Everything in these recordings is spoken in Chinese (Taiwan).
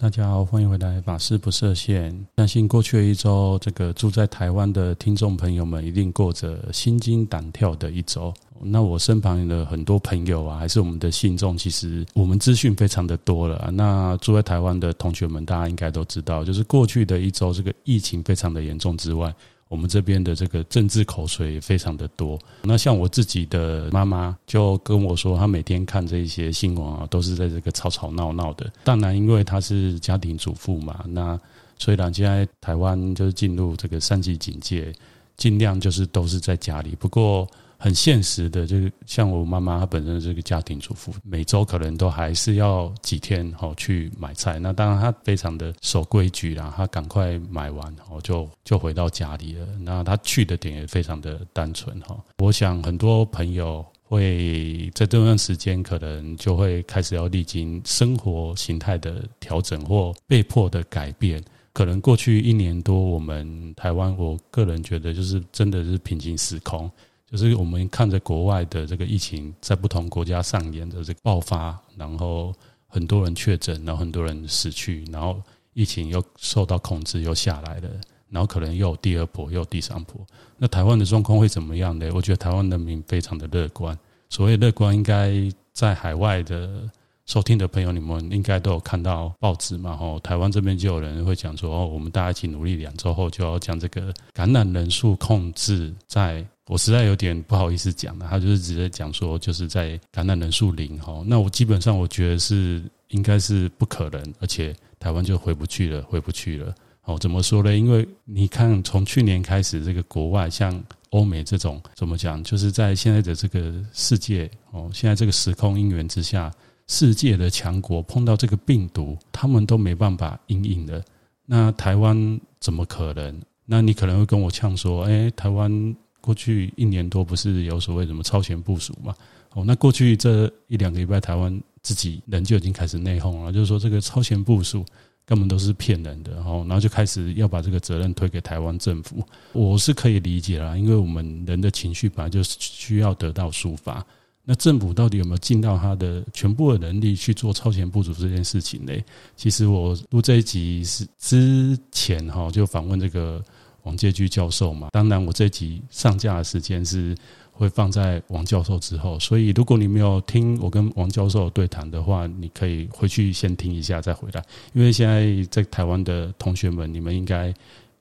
大家好，歡迎回來。法師不設限，相信過去的一周，這個住在台灣的聽眾朋友們一定過着心驚膽跳的一周。那我身旁的很多朋友啊，還是我們的信眾，其實我們資訊非常的多了。那住在台灣的同學們，大家應該都知道，就是過去的一周，這個疫情非常的嚴重之外。我們這邊的這個政治口水非常的多。那像我自己的媽媽就跟我說，她每天看這一些新聞啊，都是在這個吵吵鬧鬧的。當然，因為她是家庭主婦嘛，那雖然現在台灣就是進入這個三級警戒，儘量就是都是在家裡。不過。很現實的，就是像我媽媽，她本身是個家庭主婦，每週可能都還是要幾天哈去買菜。那當然，她非常的守規矩啦，她趕快買完，哈就就回到家裡了。那她去的點也非常的單純哈。我想很多朋友會在這段時間可能就會開始要歷經生活形態的調整或被迫的改變。可能過去一年多，我們台灣，我個人覺得就是真的是平行時空。就是我們看着國外的這個疫情在不同國家上演的這個爆發，然後很多人確診，然後很多人死去，然後疫情又受到控制又下來了，然後可能又有第二波，又有第三波。那台灣的狀況會怎麼樣呢？我覺得台灣人民非常的樂觀。所謂樂觀，應該在海外的。收聽的朋友，你們應該都有看到報紙嘛？吼，台灣這邊就有人會講說，哦，我們大家一起努力兩周後就要將這個感染人數控制在……我實在有點不好意思講了，他就是直接講說，就是在感染人數零，吼，那我基本上我覺得是應該是不可能，而且台灣就回不去了，回不去了。哦，怎麼說呢？因為你看，從去年開始，這個國外像歐美這種，怎麼講？就是在現在的這個世界，哦，現在這個時空因緣之下。世界的強國碰到這個病毒，他們都沒辦法因應的。那台灣怎麼可能？那你可能會跟我嗆說：“誒，台灣過去一年多不是有所謂什麼超前部署嗎？哦，那過去這一兩個禮拜，台灣自己人就已經開始內訌了，就是說這個超前部署根本都是騙人的哦。然後就開始要把這個責任推給台灣政府。我是可以理解啦，因為我們人的情緒本來就需要得到抒發。那政府到底有沒有盡到他的全部的能力去做超前部署這件事情呢？其實我錄這一集是之前哈，就訪問這個王介駒教授嘛。當然，我這一集上架的時間是會放在王教授之後，所以如果你沒有聽我跟王教授對談的話，你可以回去先聽一下再回來。因為現在在台灣的同學們，你們應該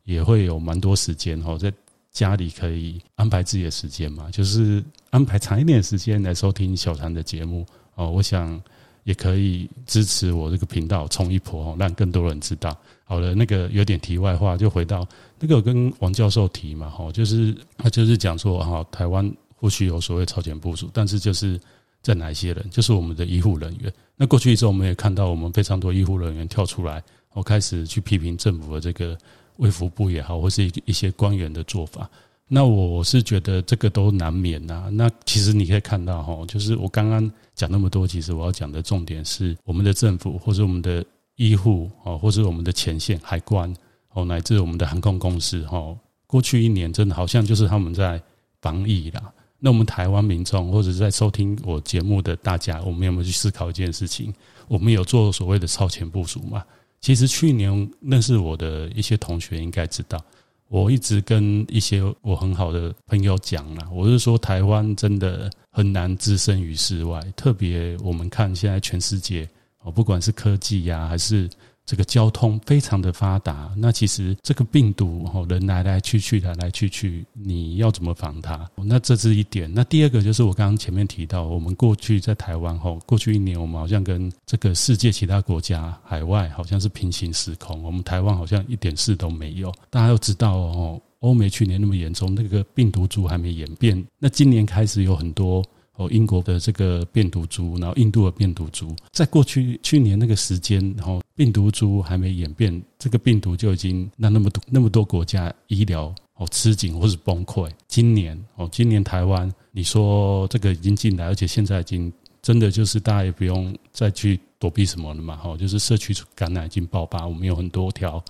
也會有蠻多時間哈，在。家裡可以安排自己的時間嘛，就是安排長一點的時間來收聽小禪的節目哦。我想也可以支持我這個頻道衝一波吼，讓更多人知道。好了，那個有點題外話，就回到那個我跟王教授提嘛，吼，就是他就是講說哈，台灣或許有所謂超前部署，但是就是在哪些人，就是我們的醫護人員。那過去一週我們也看到，我們非常多醫護人員跳出來，我開始去批評政府的這個。衛福部也好，或是一一些官員的做法，那我是覺得這個都難免吶、啊。那其實你可以看到哈，就是我剛剛講那麼多，其實我要講的重點是我們的政府，或是我們的醫護啊，或是我們的前線海關，哦，乃至我們的航空公司哈。過去一年真的好像就是他們在防疫啦。那我們台灣民眾或者是在收聽我節目的大家，我們有沒有去思考一件事情？我們有做所謂的超前部署嗎？其實去年認識我的一些同學應該知道，我一直跟一些我很好的朋友講了，我是說台灣真的很難置身於事外，特別我們看現在全世界，哦，不管是科技呀、啊，還是。這個交通非常的發達，那其實這個病毒吼、哦、人來來去去，來來去去，你要怎麼防它？那這是一點。那第二個就是我剛剛前面提到，我們過去在台灣吼、哦，過去一年我們好像跟這個世界其他國家海外好像是平行時空，我們台灣好像一點事都沒有。大家都知道哦，歐美去年那麼嚴重，那個病毒株還沒演變，那今年開始有很多。哦，英國的這個病毒株，然後印度的病毒株，在過去去年那個時間，然後病毒株還沒演變，這個病毒就已經讓那麼多那麼多國家醫療哦吃緊或是崩潰。今年哦，今年台灣你說這個已經進來，而且現在已經真的就是大家也不用再去躲避什麼了嘛。好，就是社區感染已經爆發，我們有很多條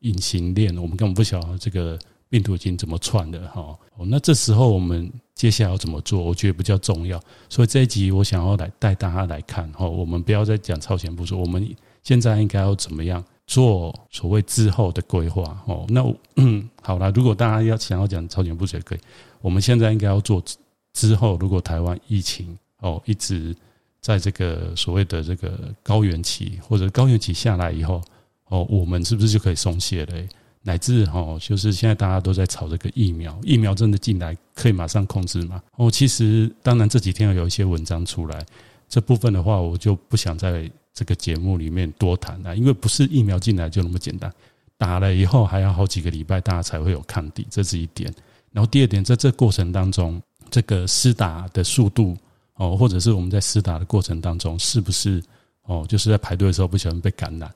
隱形鏈，我們根本不曉得這個。病毒已經怎麼串的哈？那這時候我們接下來要怎麼做？我覺得比較重要，所以這一集我想要來帶大家來看哈。我們不要再講超前部署，我們現在應該要怎麼樣做所謂之後的規劃？哦，那嗯，好啦，如果大家要想要講超前部署也可以。我們現在應該要做之後，如果台灣疫情哦一直在這個所謂的這個高原期，或者高原期下來以後，哦，我們是不是就可以鬆懈了、欸？乃至哈，就是現在大家都在炒這個疫苗，疫苗真的進來可以馬上控制嗎？哦，其實當然這幾天有，有一些文章出來，這部分的話我就不想在這個節目裡面多談了，因為不是疫苗進來就那麼簡單，打了以後還要好幾個禮拜大家才會有抗體，這是一點。然後第二點，在這個過程當中，這個施打的速度哦，或者是我們在施打的過程當中，是不是哦，就是在排隊的時候不小心被感染，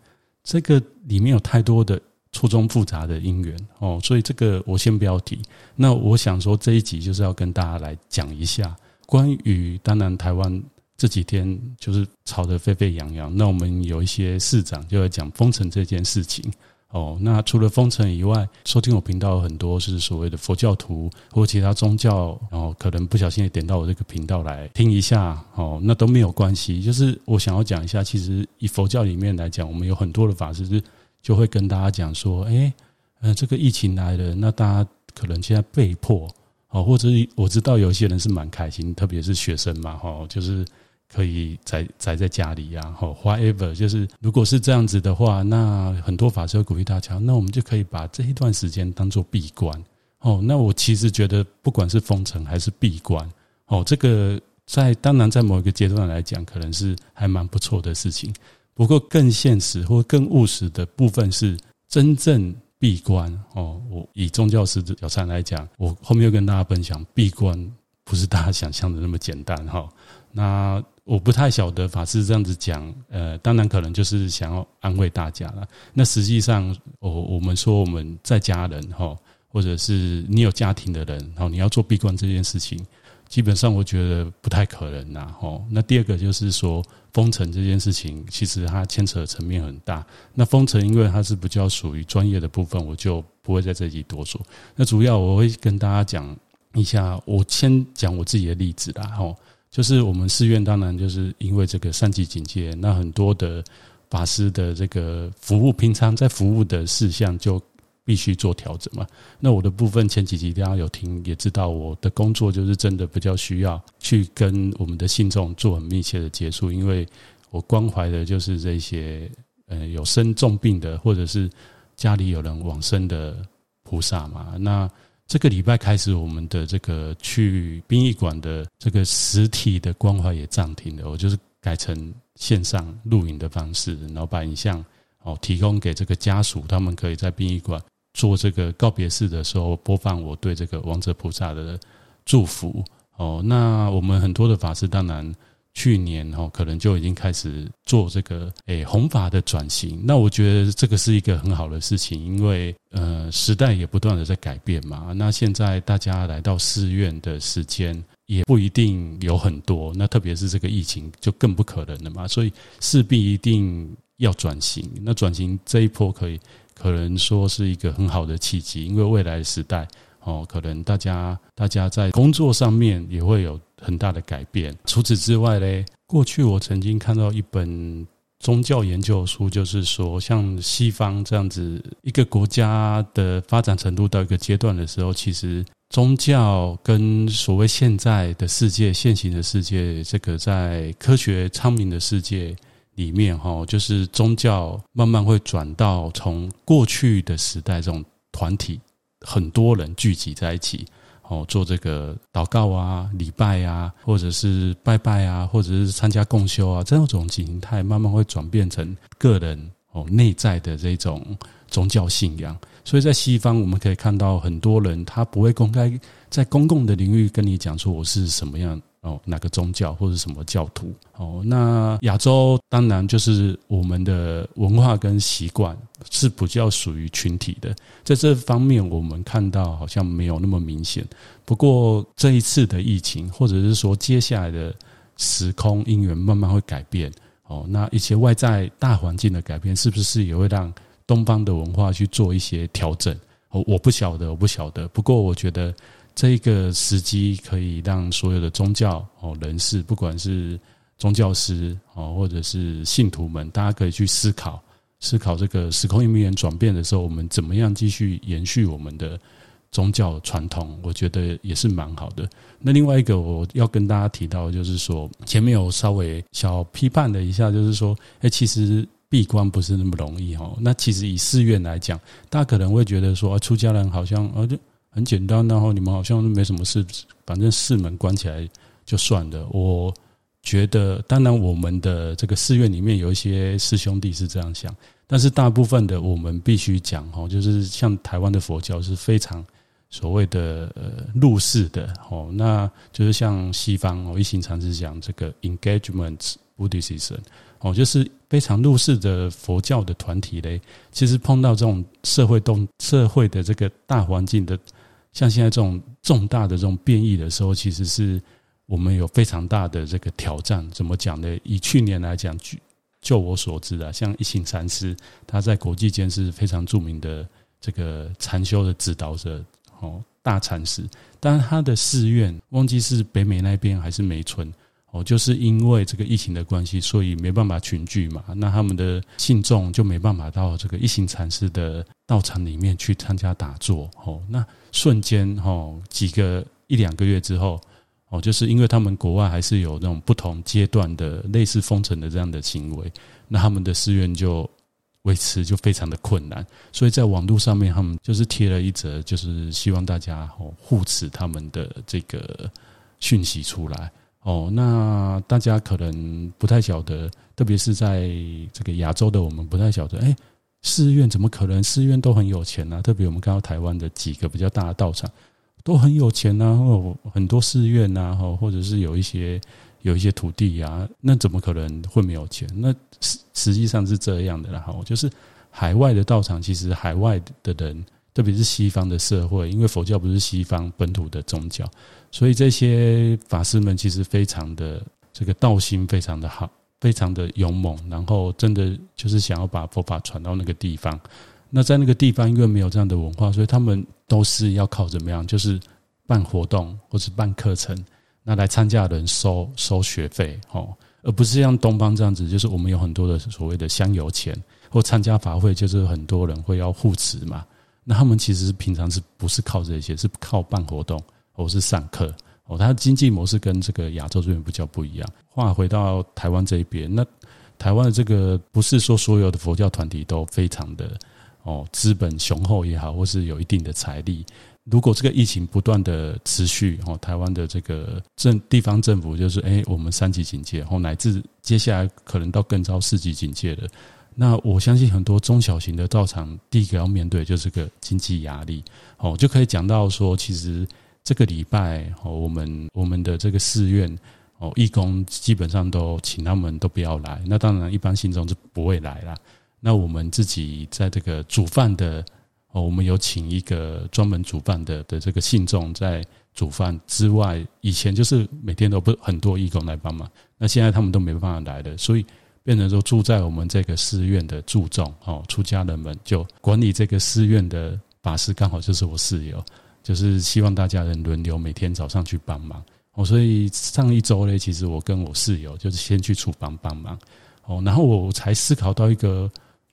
這個裡面有太多的。錯綜複雜的因緣哦，所以這個我先不要提。那我想說這一集就是要跟大家來講一下關於，當然台灣這幾天就是吵得沸沸揚揚。那我們有一些市長就在講封城這件事情哦。那除了封城以外，收聽我頻道有很多是所謂的佛教徒或其他宗教，然後可能不小心也點到我這個頻道來聽一下哦，那都沒有關係。就是我想要講一下，其實以佛教裡面來講，我們有很多的法師是。就會跟大家講說，誒嗯、呃，這個疫情來了，那大家可能現在被迫，哦、或者是我知道有些人是蠻開心，特別是學生嘛，哈、哦，就是可以宅宅在家裡呀、啊，哈、哦、whatever，就是如果是這樣子的話，那很多法師會鼓勵大家，那我們就可以把這一段時間當做閉關，哦，那我其實覺得，不管是封城還是閉關，哦，這個在當然在某一個階段來講，可能是還蠻不錯的事情。不過更現實或更務實的部分是，真正閉關哦。我以宗教師的角色來講，我後面又跟大家分享，閉關不是大家想象的那麼簡單哈。那我不太曉得法師這樣子講，呃，當然可能就是想要安慰大家了。那實際上，我我們說我們在家人哈，或者是你有家庭的人，哈你要做閉關這件事情。基本上我覺得不太可能啦，哦。那第二個就是說，封城這件事情，其實它牽扯的層面很大。那封城因為它是比較屬於專業的部分，我就不會在這裡多說。那主要我會跟大家講一下，我先講我自己的例子啦，哦，就是我們寺院當然就是因為這個三級警戒，那很多的法師的這個服務，平常在服務的事項就。必須做調整嘛？那我的部分前幾集大家有聽，也知道我的工作就是真的比較需要去跟我們的信眾做很密切的接觸，因為我關懷的就是這些呃有生重病的，或者是家裡有人往生的菩薩嘛。那這個禮拜開始，我們的這個去殯儀館的這個實體的關懷也暫停了，我就是改成線上錄影的方式，然後把影像哦提供給這個家屬，他們可以在殯儀館。做這個告別式的時候，播放我對這個亡者菩薩的祝福哦。那我們很多的法師，當然去年哦，可能就已經開始做這個誒弘法的轉型。那我覺得這個是一個很好的事情，因為呃時代也不斷的在改變嘛。那現在大家來到寺院的時間也不一定有很多，那特別是這個疫情就更不可能了嘛。所以勢必一定要轉型。那轉型這一波可以。可能說是一個很好的契機，因為未來時代，哦，可能大家大家在工作上面也會有很大的改變。除此之外嘞，過去我曾經看到一本宗教研究書，就是說，像西方這樣子，一個國家的發展程度到一個階段的時候，其實宗教跟所謂現在的世界、現行的世界，這個在科學昌明的世界。裡面哈，就是宗教慢慢會轉到從過去的時代，這種團體很多人聚集在一起，哦，做這個禱告啊、禮拜啊，或者是拜拜啊，或者是參加共修啊，這樣一種形態慢慢會轉變成個人哦內在的這種宗教信仰。所以在西方，我們可以看到很多人他不會公開在公共的領域跟你講說我是什麼樣。哦，哪個宗教或者什麼教徒？哦，那亞洲當然就是我們的文化跟習慣是比較屬於群體的。在這方面，我們看到好像沒有那麼明顯。不過這一次的疫情，或者是說接下來的時空因緣慢慢會改變。哦，那一些外在大環境的改變，是不是也會讓東方的文化去做一些調整？哦，我不曉得，我不曉得。不過我覺得。這個時機可以讓所有的宗教哦人士，不管是宗教師哦，或者是信徒們，大家可以去思考思考這個時空移民轉變的時候，我們怎麼樣繼續延續我們的宗教傳統？我覺得也是蠻好的。那另外一個我要跟大家提到，就是說前面有稍微小批判了一下，就是說，誒，其實閉關不是那麼容易哦。那其實以寺院來講，大家可能會覺得說，出家人好像哦就。很簡單的，然後你們好像都沒什麼事，反正寺門關起來就算了。我覺得，當然我們的這個寺院裡面有一些師兄弟是這樣想，但是大部分的我們必須講哈，就是像台灣的佛教是非常所謂的呃入世的哦，那就是像西方哦，我一行禪師講這個 engagement Buddhism 哦，就是非常入世的佛教的團體嘞。其實碰到這種社會動社會的這個大環境的。像現在這種重大的這種變異的時候，其實是我們有非常大的這個挑戰。怎麼講呢？以去年來講，據就我所知啦、啊，像一行禪師，他在國際間是非常著名的這個禪修的指導者，哦，大禪師。但他的寺院，忘記是北美那邊還是梅村。哦，就是因為這個疫情的關係，所以沒辦法群聚嘛。那他們的信眾就沒辦法到這個一行禪師的道場裡面去參加打坐。哦，那瞬間，哦，幾個一兩個月之後，哦，就是因為他們國外還是有那種不同階段的類似封城的這樣的行為，那他們的寺院就維持就非常的困難。所以在網絡上面，他們就是貼了一則，就是希望大家哦護持他們的這個訊息出來。哦，那大家可能不太曉得，特別是在這個亞洲的，我們不太曉得。哎、欸，寺院怎麼可能寺院都很有錢呢、啊？特別我們剛剛台灣的幾個比較大的道場都很有錢呢、啊，哦，很多寺院吶，哈，或者是有一些有一些土地啊，那怎麼可能會沒有錢？那實實際上是這樣的，哈，就是海外的道場，其實海外的人。特別是西方的社會，因為佛教不是西方本土的宗教，所以這些法師們其實非常的這個道心非常的好，非常的勇猛，然後真的就是想要把佛法傳到那個地方。那在那個地方，因為沒有這樣的文化，所以他們都是要靠怎麼樣，就是辦活動或是辦課程，那來參加的人收收學費哦，而不是像東方這樣子，就是我們有很多的所謂的香油錢，或參加法會，就是很多人會要護持嘛。那他們其實平常是不是靠這些？是靠辦活動，或是上課哦。他的經濟模式跟這個亞洲這邊比較不一樣。話回到台灣這一邊，那台灣的這個不是說所有的佛教團體都非常的哦資本雄厚也好，或是有一定的財力。如果這個疫情不斷的持續，哦，台灣的這個政地方政府就是誒我們三級警戒，或乃至接下來可能到更糟四級警戒了。那我相信很多中小型的道場，第一個要面對就是個經濟壓力。哦，就可以講到說，其實這個禮拜哦，我們我們的這個寺院哦，義工基本上都請他們都不要來。那當然，一般信眾是不會來啦。那我們自己在這個煮飯的哦，我們有請一個專門煮飯的的這個信眾在煮飯之外，以前就是每天都不很多義工來幫忙，那現在他們都沒辦法來的，所以。變成說住在我們這個寺院的住眾哦，出家人們，就管理這個寺院的法師，剛好就是我室友，就是希望大家能輪流每天早上去幫忙哦。所以上一周呢，其實我跟我室友就是先去廚房幫忙哦，然後我才思考到一個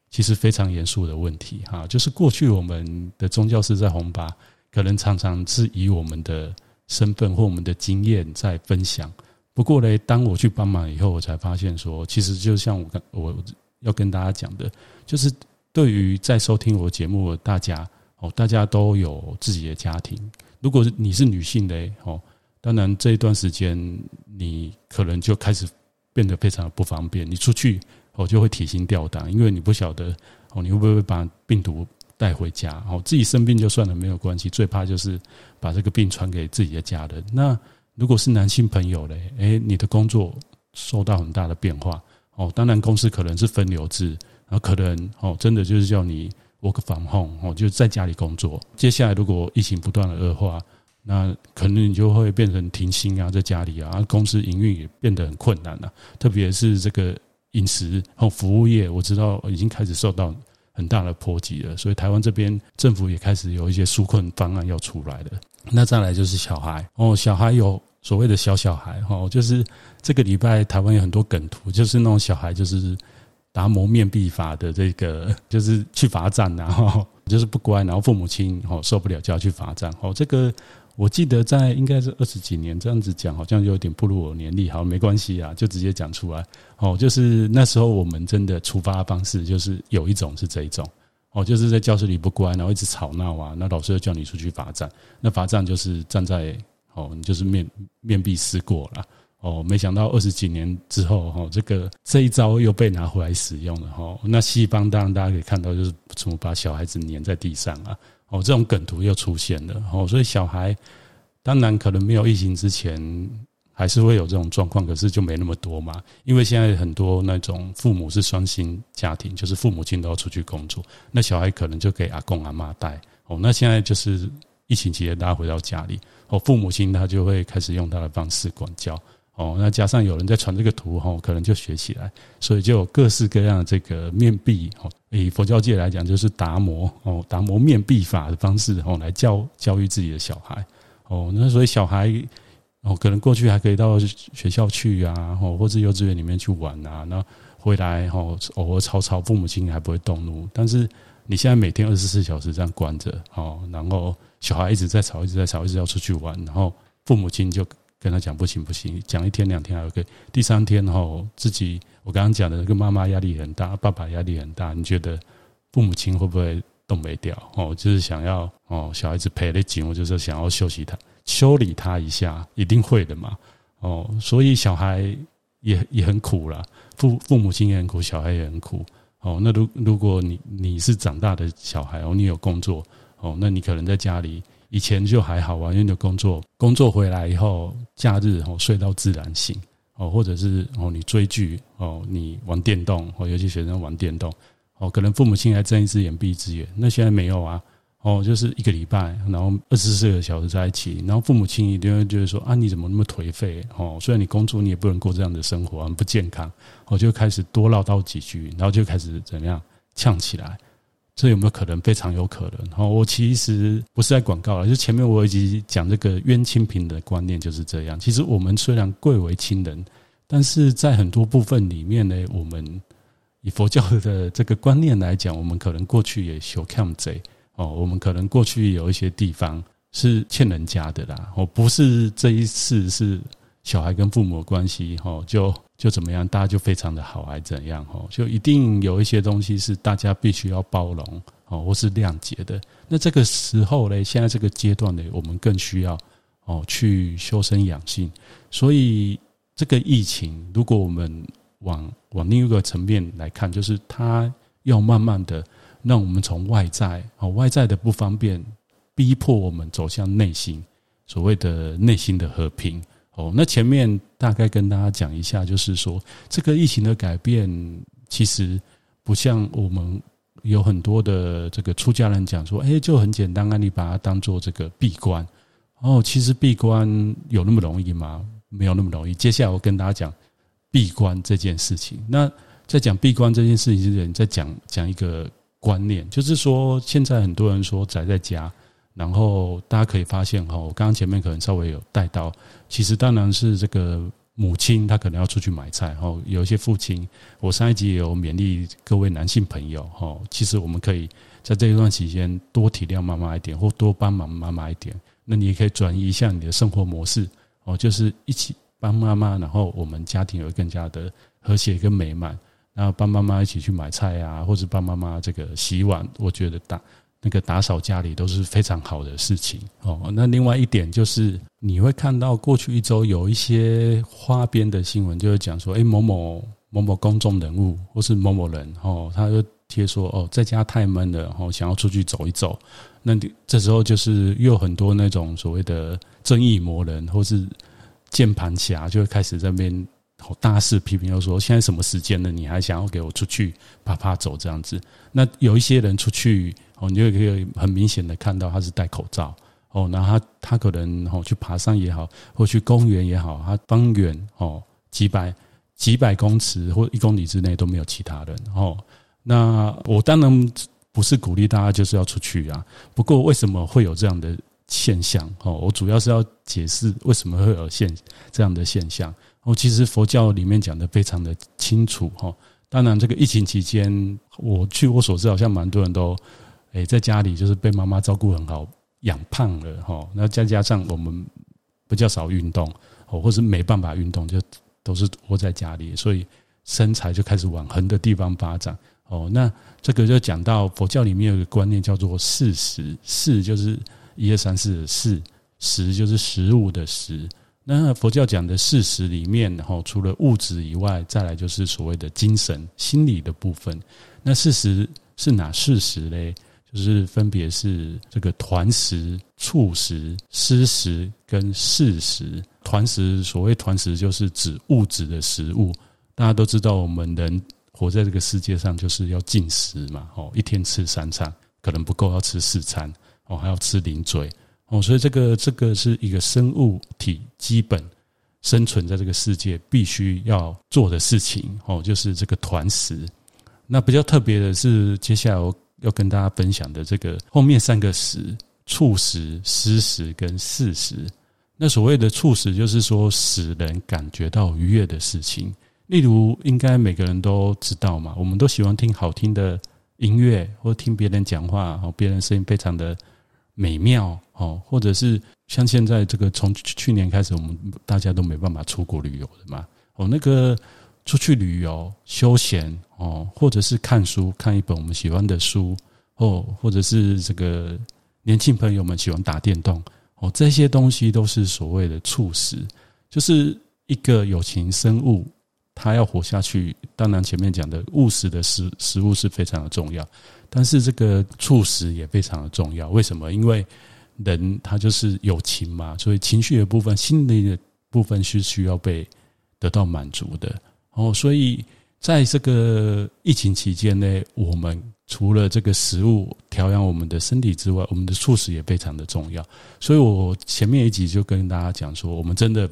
其實非常嚴肅的問題哈，就是過去我們的宗教師在弘法，可能常常是以我們的身份或我們的經驗在分享。不過嘞，當我去幫忙以後，我才發現說，其實就像我我要跟大家講的，就是對於在收聽我的節目的大家哦，大家都有自己的家庭。如果你是女性的哦，當然這一段時間你可能就開始變得非常不方便。你出去我就會提心吊膽，因為你不曉得哦，你會不會把病毒帶回家？哦，自己生病就算了，沒有關係，最怕就是把這個病傳給自己的家人。那。如果是男性朋友嘞，哎，你的工作受到很大的變化哦，當然公司可能是分流制，然後可能哦，真的就是叫你 work from home 哦，就在家裡工作。接下來如果疫情不斷的惡化，那可能你就會變成停薪啊，在家裡啊，公司營運也變得很困難了啊，特別是這個飲食和服務業，我知道已經開始受到。很大的波及了，所以台灣這邊政府也開始有一些紓困方案要出來了。那再來就是小孩哦，小孩有所謂的小小孩哈，就是這個禮拜台灣有很多梗圖，就是那種小孩就是達摩面壁法的這個，就是去罰站吶，就是不乖，然後父母親哦受不了就要去罰站哦，這個。我記得在應該是二十幾年這樣子講，好像就有點不如我年歷，好沒關係啊，就直接講出來。哦，就是那時候我們真的處罰的方式，就是有一種是這一種，哦，就是在教室裡不乖，然後一直吵鬧啊，那老師又叫你出去罰站，那罰站就是站在哦，你就是面面壁思過了。哦，沒想到二十幾年之後，哈，這個這一招又被拿回來使用了，哈。那西方當然大家可以看到，就是從把小孩子粘在地上啊。哦，這種梗圖又出現了哦，所以小孩，當然可能沒有疫情之前還是會有這種狀況，可是就沒那麼多嘛。因為現在很多那種父母是雙薪家庭，就是父母親都要出去工作，那小孩可能就給阿公阿媽帶哦。那現在就是疫情期間，大家回到家裡，哦，父母親他就會開始用他的方式管教。哦，那加上有人在傳這個圖哈，可能就學起來，所以就有各式各樣的這個面壁哦，以佛教界來講就是達摩哦，達摩面壁法的方式哦來教教育自己的小孩哦，那所以小孩哦，可能過去還可以到學校去啊，或或者幼稚園裡面去玩啊，那回來哈偶爾吵吵，父母親還不會動怒，但是你現在每天二十四小時這樣關着哦，然後小孩一直在吵，一直在吵，一直要出去玩，然後父母親就。跟他講不行不行，講一天兩天還可以，第三天哈、哦、自己我剛剛講的那個媽媽壓力很大，爸爸壓力很大，你覺得父母親會不會動沒掉？哦，就是想要哦小孩子陪得緊，我就是想要休息，他修理他一下，一定會的嘛。哦，所以小孩也也很苦啦，父父母親也很苦，小孩也很苦。哦，那如如果你你是長大的小孩，哦，你有工作，哦，那你可能在家裡。以前就還好，啊，因為你的工作，工作回來以後，假日哦睡到自然醒哦，或者是哦你追劇哦，你玩電動哦，尤其學生玩電動哦，可能父母親還睜一隻眼閉一隻眼，那現在沒有啊哦，就是一個禮拜，然後二十四個小時在一起，然後父母親一定會覺得說啊，你怎麼那麼頹廢哦，雖然你工作你也不能過這樣的生活，啊，很不健康，我就開始多嘮叨幾句，然後就開始怎麼樣嗆起來。這有沒有可能？非常有可能。我其實不是在廣告了，就前面我已經講這個冤親平的觀念就是這樣。其實我們雖然貴為親人，但是在很多部分裡面呢，我們以佛教的這個觀念來講，我們可能過去也修 k 賊哦，我們可能過去有一些地方是欠人家的啦。我不是這一次是。小孩跟父母關係，就就怎麼樣，大家就非常的好，還怎樣，就一定有一些東西是大家必須要包容，或是諒解的。那這個時候嘞，現在這個階段呢，我們更需要，哦，去修身養性。所以，這個疫情，如果我們往往另一個層面來看，就是它要慢慢的讓我們從外在啊，外在的不方便，逼迫我們走向內心，所謂的內心的和平。哦，那前面大概跟大家講一下，就是說這個疫情的改變，其實不像我們有很多的這個出家人講說，欸，就很簡單啊，你把它當做這個閉關。哦，其實閉關有那麼容易嗎？沒有那麼容易。接下來我跟大家講閉關這件事情。那在講閉關這件事情之前，再講講一個觀念，就是說現在很多人說宅在家。然後大家可以發現哈，我剛剛前面可能稍微有帶到，其實當然是這個母親她可能要出去買菜哈，有一些父親，我上一集也有勉勵各位男性朋友哈，其實我們可以在這一段期間多體諒媽媽一點，或多幫忙媽媽一點。那你也可以轉移一下你的生活模式哦，就是一起幫媽媽，然後我們家庭會更加的和諧跟美滿。然後幫媽媽一起去買菜啊，或者幫媽媽這個洗碗，我覺得大。那個打掃家裡都是非常好的事情哦。那另外一點就是，你會看到過去一周有一些花邊的新聞，就會講說，某某某某公眾人物或是某某人，哦，他就貼說，哦，在家太悶了，哦，想要出去走一走。那你這時候就是又很多那種所謂的正義魔人或是鍵盤俠就會開始在那邊大肆批評，又說現在什麼時間了，你還想要給我出去啪啪走這樣子？那有一些人出去。哦，你就可以很明顯的看到他是戴口罩哦，然後他他可能哦去爬山也好，或去公園也好，他方圓哦幾百幾百公尺或一公里之內都沒有其他人哦。那我當然不是鼓勵大家就是要出去啊，不過為什麼會有這樣的現象哦？我主要是要解釋為什麼會有現這樣的現象哦。其實佛教裡面講得非常的清楚哦。當然這個疫情期間，我據我所知好像蠻多人都。欸、在家裡就是被媽媽照顧很好，養胖了哈、喔。那再加上我們比較少運動，哦，或是沒辦法運動，就都是窩在家裡，所以身材就開始往橫的地方發展哦、喔。那這個就講到佛教裡面有一個觀念叫做“四食”，四就是一、二、三、四的四，食就是十五的食。那佛教講的“四食”裡面，哈，除了物質以外，再來就是所謂的精神、心理的部分。那“四食”是哪“四食”嘞？就是分別是這個團食、觸食、思食跟識食。團食，所謂團食，就是指物質的食物。大家都知道，我們人活在這個世界上，就是要進食嘛。哦，一天吃三餐可能不夠，要吃四餐哦，還要吃零嘴哦。所以，這個這個是一個生物體基本生存在這個世界必須要做的事情哦，就是這個團食。那比較特別的是，接下來我。要跟大家分享的這個後面三個食，觸食、思食跟識食。那所謂的觸食，就是說使人感覺到愉悅的事情。例如，應該每個人都知道嘛，我們都喜歡聽好聽的音樂，或聽別人講話，哦，別人聲音非常的美妙，哦，或者是像現在這個從去年開始，我們大家都沒辦法出國旅遊了嘛，哦，那個，出去旅遊、休閒哦，或者是看書，看一本我們喜歡的書哦，或者是這個年輕朋友們喜歡打電動哦，這些東西都是所謂的觸食，就是一個有情生物，他要活下去。當然前面講的，物質的食食物，是非常的重要，但是這個觸食也非常的重要。為什麼？因為人他就是有情嘛，所以情緒的部分、心靈的部分是需要被得到滿足的。哦，所以在這個疫情期間呢，我們除了這個食物調養我們的身體之外，我們的素食也非常的重要。所以我前面一集就跟大家講說，我們真的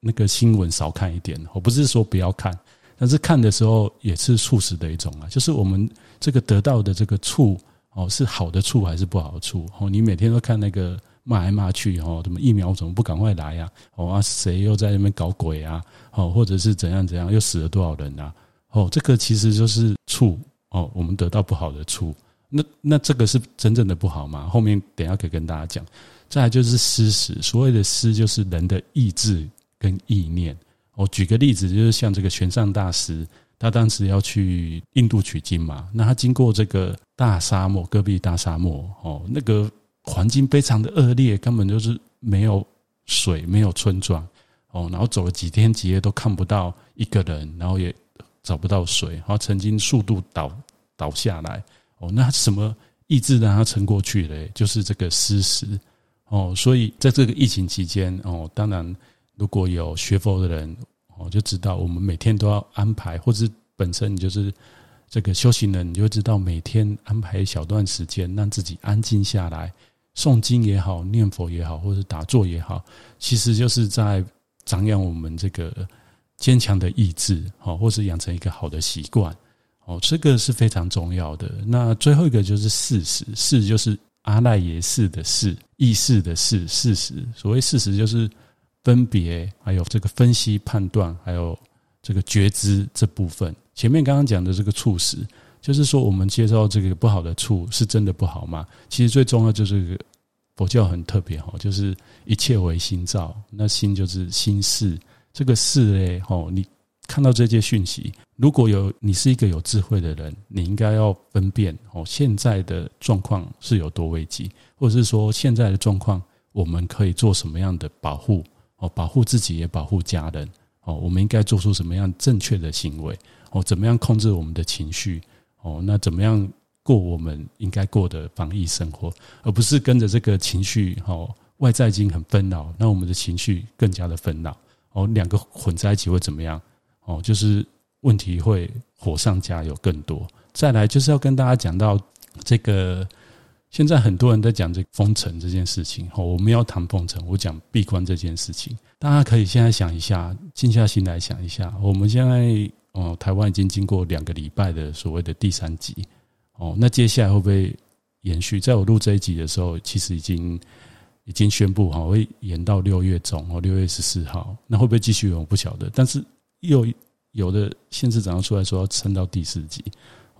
那個新聞少看一點，我不是說不要看，但是看的時候也是素食的一種啊。就是我們這個得到的這個醋哦，是好的醋還是不好的醋哦，你每天都看那個。罵來罵去，吼，怎麼疫苗怎麼不趕快來呀？哦啊，誰又在那邊搞鬼啊？哦，或者是怎樣怎樣，又死了多少人啊？哦，這個其實就是觸哦，我們得到不好的觸，那那這個是真正的不好嗎？後面等一下可以跟大家講。再來就是思食，所謂的思就是人的意志跟意念。我舉個例子，就是像這個玄奘大師，他當時要去印度取經嘛，那他經過這個大沙漠，戈壁大沙漠，哦，那個。環境非常的惡劣，根本就是沒有水，沒有村莊哦。然後走了幾天幾夜都看不到一個人，然後也找不到水。然後曾經數度倒倒下來哦，那什麼意志讓他撐過去的？就是這個施食。哦。所以在這個疫情期間哦，當然如果有學佛的人哦，就知道我們每天都要安排，或者是本身你就是這個修行人，你就知道每天安排一小段時間讓自己安靜下來。誦經也好，念佛也好，或者打坐也好，其實就是在長養我們這個堅強的意志，好，或是養成一個好的習慣，好，這個是非常重要的。那最後一個就是事實，識就是阿賴耶識的「識」，意識的「識」，事實。所謂事實，就是分別，還有這個分析、判斷，還有這個覺知這部分。前面剛剛講的這個觸識。就是說，我們接受這個不好的處是真的不好嗎？其實最重要就是，佛教很特別就是一切唯心造。那心就是心事，這個事嘞，你看到這些訊息，如果有你是一個有智慧的人，你應該要分辨哦，現在的狀況是有多危急，或者是說現在的狀況，我們可以做什麼樣的保護？哦，保護自己也保護家人。哦，我們應該做出什麼樣正確的行為？哦，怎麼樣控制我們的情緒？哦，那怎麼樣過？我們應該過的防疫生活，而不是跟着這個情緒。哦，外在已經很紛擾，那我們的情緒更加的紛擾。哦，兩個混在一起會怎麼樣？哦，就是問題會火上加油更多。再來，就是要跟大家講到這個，現在很多人在講這個封城這件事情。哈，我們要談封城，我講閉關這件事情，大家可以現在想一下，靜下心來想一下，我們現在。哦，台灣已經經過兩個禮拜的所謂的第三級，哦，那接下來會不會延續？在我錄這一集的時候，其實已經已經宣佈哈，會延到六月中哦，六月十四號，那會不會繼續？我不曉得，但是又有的新聞長得出來說要撐到第四級，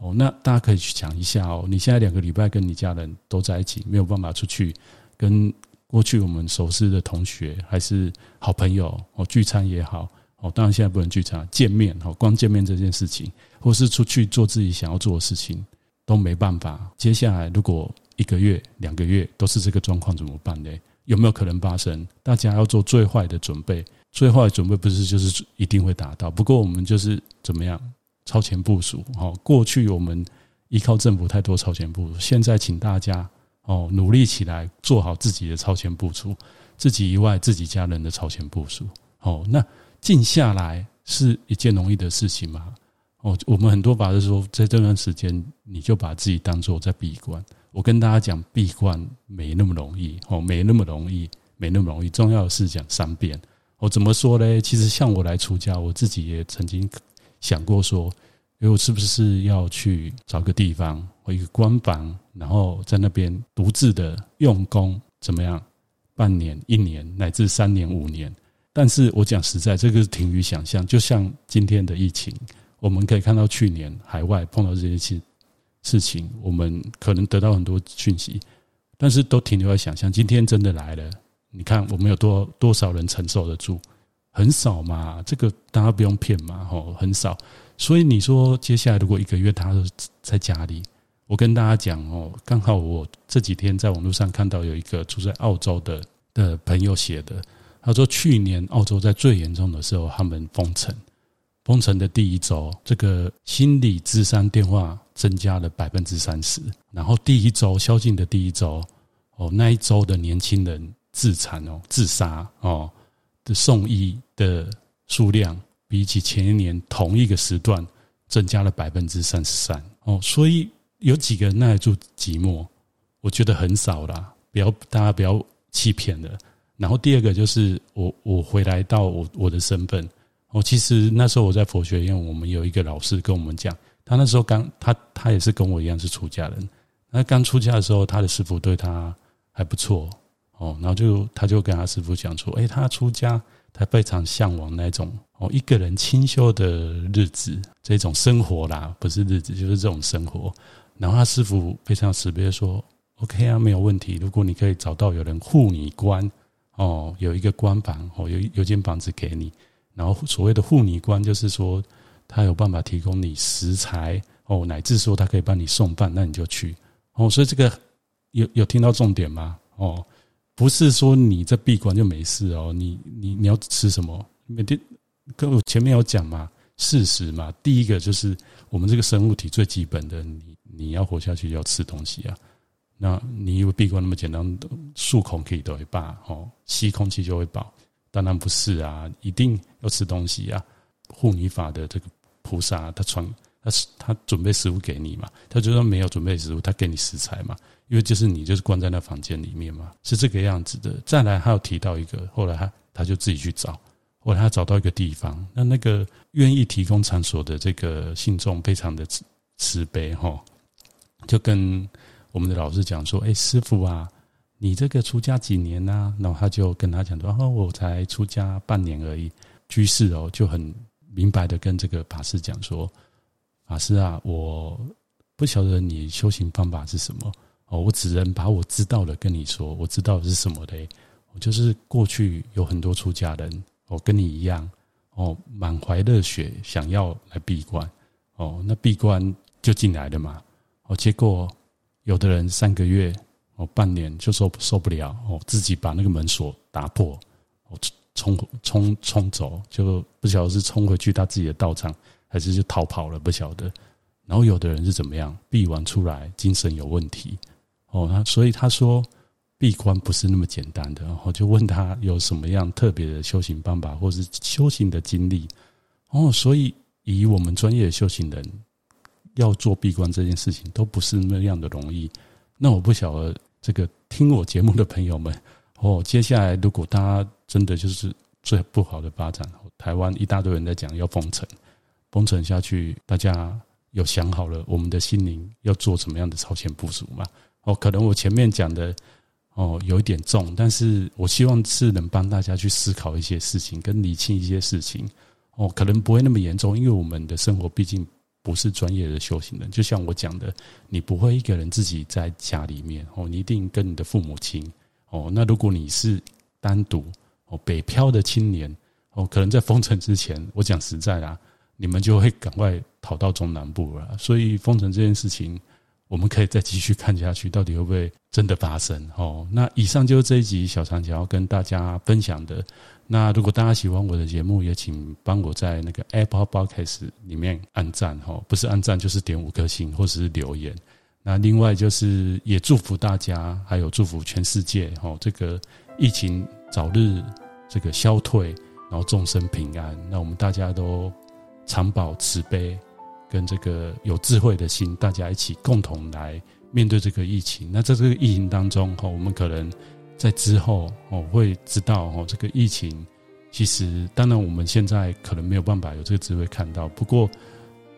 哦，那大家可以去想一下哦，你現在兩個禮拜跟你家人都在一起，沒有辦法出去跟過去我們熟悉的同學還是好朋友哦，聚餐也好。當然現在不能聚餐、見面，光見面這件事情，或是出去做自己想要做的事情都沒辦法。接下來如果一個月、兩個月都是這個狀況，怎麼辦呢？有沒有可能發生？大家要做最壞的準備，最壞的準備不是就是一定會達到。不過我們就是怎麼樣超前部署哦。過去我們依靠政府太多超前部署，現在請大家哦努力起來，做好自己的超前部署，自己以外自己家人的超前部署，那。靜下來是一件容易的事情嗎？哦，我們很多法師說，在這段時間，你就把自己當做在閉關。我跟大家講，閉關沒那麼容易，哦，沒那麼容易，沒那麼容易。重要的事講三遍。我怎麼說呢？其實像我來出家，我自己也曾經想過說，哎，我是不是要去找個地方，或一個關房，然後在那邊獨自的用功，怎麼樣？半年、一年，乃至三年、五年。但是我講實在，這個是停於想象。就像今天的疫情，我們可以看到去年海外碰到這些事事情，我們可能得到很多訊息，但是都停留在想象。今天真的來了，你看我們有多多少人承受得住？很少嘛，這個大家不用騙嘛，哦，很少。所以你說接下來如果一個月他都在家裡，我跟大家講哦，剛好我這幾天在網絡上看到有一個住在澳洲的的朋友寫的。他說：“去年澳洲在最嚴重的時候，他們封城。封城的第一周，這個心理諮詢電話增加了百分之三十。然後第一周宵禁的第一周，哦，那一周的年輕人自殘哦、自殺哦的送醫的數量，比起前一年同一個時段增加了百分之三十三。哦，所以有幾個人耐得住寂寞，我覺得很少啦。不要大家不要欺騙了。然後第二個就是我我回來到我我的身份，我其實那時候我在佛學院，我們有一個老師跟我們講，他那時候剛他他也是跟我一樣是出家人，那剛出家的時候，他的師傅對他還不錯哦，然後就他就跟他師傅講說，哎，他出家他非常向往那種哦一個人清修的日子，這種生活啦，不是日子就是這種生活，然後他師傅非常慈悲說，OK 啊沒有問題，如果你可以找到有人護你關。哦，有一個關房哦，有一有間房子給你，然後所謂的護關就是說，他有辦法提供你食材哦，乃至說他可以幫你送飯，那你就去哦。所以這個有有聽到重點嗎？哦，不是說你這閉關就沒事哦，你，你你你要吃什麼？每天跟我前面有講嘛，事實嘛，第一個就是我們這個生物體最基本的你，你你要活下去就要吃東西啊。那你以為閉關那麼簡單，漱孔可以都會半，哦，吸空氣就會飽？當然不是啊，一定要吃東西啊。護法的這個菩薩，他穿他他準備食物給你嘛？他就算沒有準備食物，他給你食材嘛？因為就是你就是關在那房間裡面嘛，是這個樣子的。再來，他有提到一個，後來他他就自己去找，後來他找到一個地方，那那個願意提供場所的這個信眾非常的慈慈悲哈、哦，就跟。我們的老師講說：“哎，師父啊，你這個出家幾年呢，啊？”然後他就跟他講說：“哦，啊，我才出家半年而已。”居士哦，就很明白的跟這個法師講說：“法師啊，我不曉得你修行方法是什麼哦，我只能把我知道的跟你說。我知道的是什麼的，就是過去有很多出家人，我跟你一樣哦，滿懷熱血想要來閉關哦，那閉關就進來了嘛哦，結果。”有的人三個月哦，半年就受受不了哦，自己把那個門鎖打破哦，衝衝衝衝走，就不曉得是衝回去他自己的道場還是就逃跑了不曉得，然後有的人是怎麼樣，閉完出來精神有問題哦他。所以他說閉關不是那麼簡單的，然後就問他有什麼樣特別的修行方法或是修行的經歷哦，所以以我們專業的修行人。要做閉關這件事情都不是那樣的容易。那我不曉得這個聽我節目的朋友們，哦，接下來如果大家真的就是最不好的發展，台灣一大堆人在講要封城，封城下去，大家有想好了，我們的心靈要做什麼樣的超前部署嗎？哦，可能我前面講的哦有一點重，但是我希望是能幫大家去思考一些事情，跟釐清一些事情。哦，可能不會那麼嚴重，因為我們的生活畢竟。不是專業的修行人，就像我講的，你不會一個人自己在家裡面哦，你一定跟你的父母親哦。那如果你是單獨哦，北漂的青年哦，可能在封城之前，我講實在啦、啊，你們就會趕快逃到中南部了。所以封城這件事情，我們可以再繼續看下去，到底會不會真的發生？哦，那以上就是這一集小禪要跟大家分享的。那如果大家喜歡我的節目，也請幫我在那個 Apple Podcast 裡面按讚哈，不是按讚就是點五顆星或者是留言。那另外就是也祝福大家，還有祝福全世界哈，這個疫情早日這個消退，然後眾生平安。那我們大家都常保慈悲，跟這個有智慧的心，大家一起共同來面對這個疫情。那在這個疫情當中哈，我們可能。在之後我會知道哦，這個疫情其實當然我們現在可能沒有辦法有這個機會看到。不過，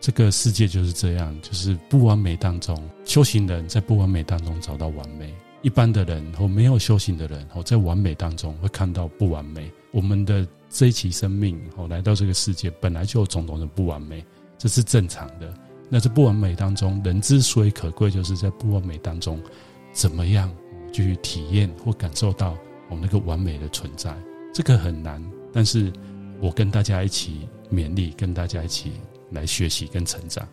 這個世界就是這樣，就是不完美當中，修行人在不完美當中找到完美；一般的人和沒有修行的人，在完美當中會看到不完美。我們的這一期生命哦，來到這個世界本來就有種種的不完美，這是正常的。那這不完美當中，人之所以可貴，就是在不完美當中，怎麼樣？去體驗或感受到我們那個完美的存在，這個很難。但是，我跟大家一起勉勵，跟大家一起來學習跟成長。